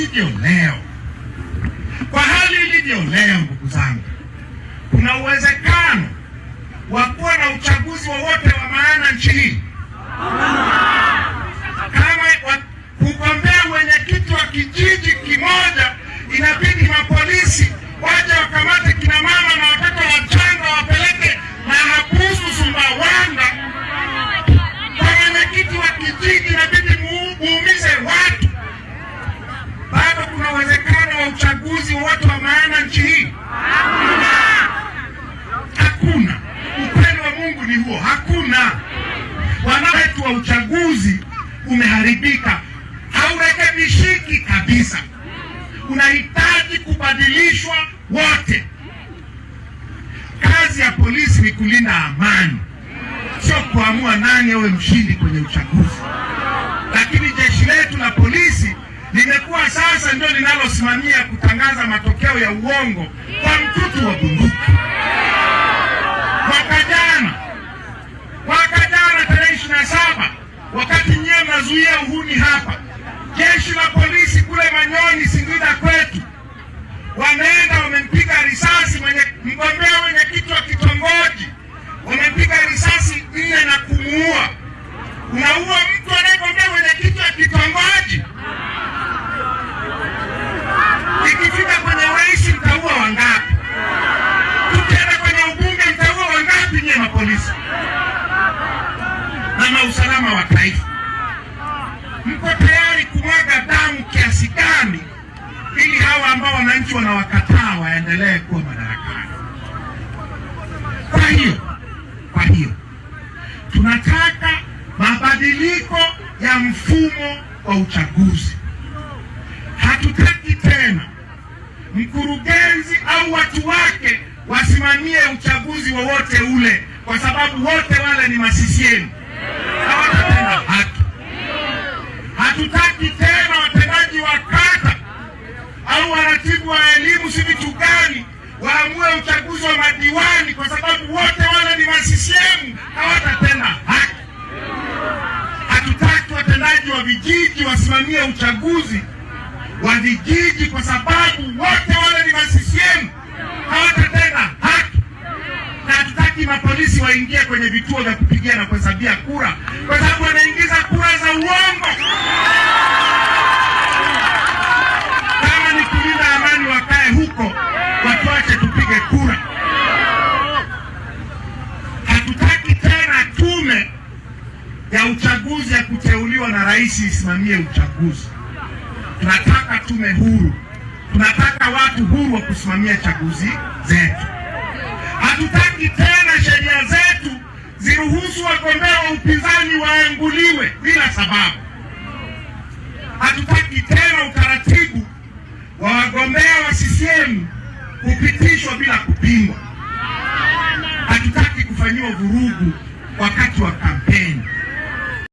ilivyo leo, kwa hali ilivyo leo, ndugu zangu, kuna uwezekano wa kuwa na uchaguzi wowote wa, wa maana nchi hii. kwamba uchaguzi umeharibika, haurekebishiki kabisa, unahitaji kubadilishwa wote. Kazi ya polisi ni kulinda amani, sio kuamua nani awe mshindi kwenye uchaguzi. Lakini jeshi letu la polisi limekuwa sasa ndio linalosimamia kutangaza matokeo ya uongo kwa mtutu wa bunduki. kuzuia uhuni hapa. Jeshi la polisi kule Manyoni, Singida kwetu, wanaenda wamempiga risasi mgombea mwenyekiti wa kitongoji, wamempiga risasi nne na kumuua. Unaua mtu anayegombea mwenyekiti wa kitongoji? Ikifika kwenye urais mtaua wangapi? Tukienda kwenye ubunge mtaua wangapi? Nyie mapolisi na mausalama wa taifa mko tayari kumwaga damu kiasi gani ili hawa ambao wananchi wanawakataa waendelee kuwa madarakani? Kwa hiyo, kwa hiyo tunataka mabadiliko ya mfumo wa uchaguzi. Hatutaki tena mkurugenzi au watu wake wasimamie uchaguzi wowote wa ule, kwa sababu wote wale ni masisiemu. Hatutaki tena watendaji wa kata au waratibu wa elimu si vitu gani waamue uchaguzi wa madiwani, kwa sababu wote wale ni masisiemu, hawatatenda haki. Hatutaki watendaji wa vijiji wasimamie uchaguzi wa vijiji, kwa sababu wote wale ni masisiemu, hawatatenda haki. Na hatutaki mapolisi waingie kwenye vituo vya kupigia na kuhesabia kura, kwa sababu wanaingiza ya uchaguzi ya kuteuliwa na rais isimamie uchaguzi. Tunataka tume huru, tunataka watu huru wa kusimamia chaguzi zetu. Hatutaki tena sheria zetu ziruhusu wagombea wa upinzani waanguliwe bila sababu. Hatutaki tena utaratibu wa wagombea wa CCM kupitishwa bila kupingwa. Hatutaki kufanyiwa vurugu wakati wa kampeni.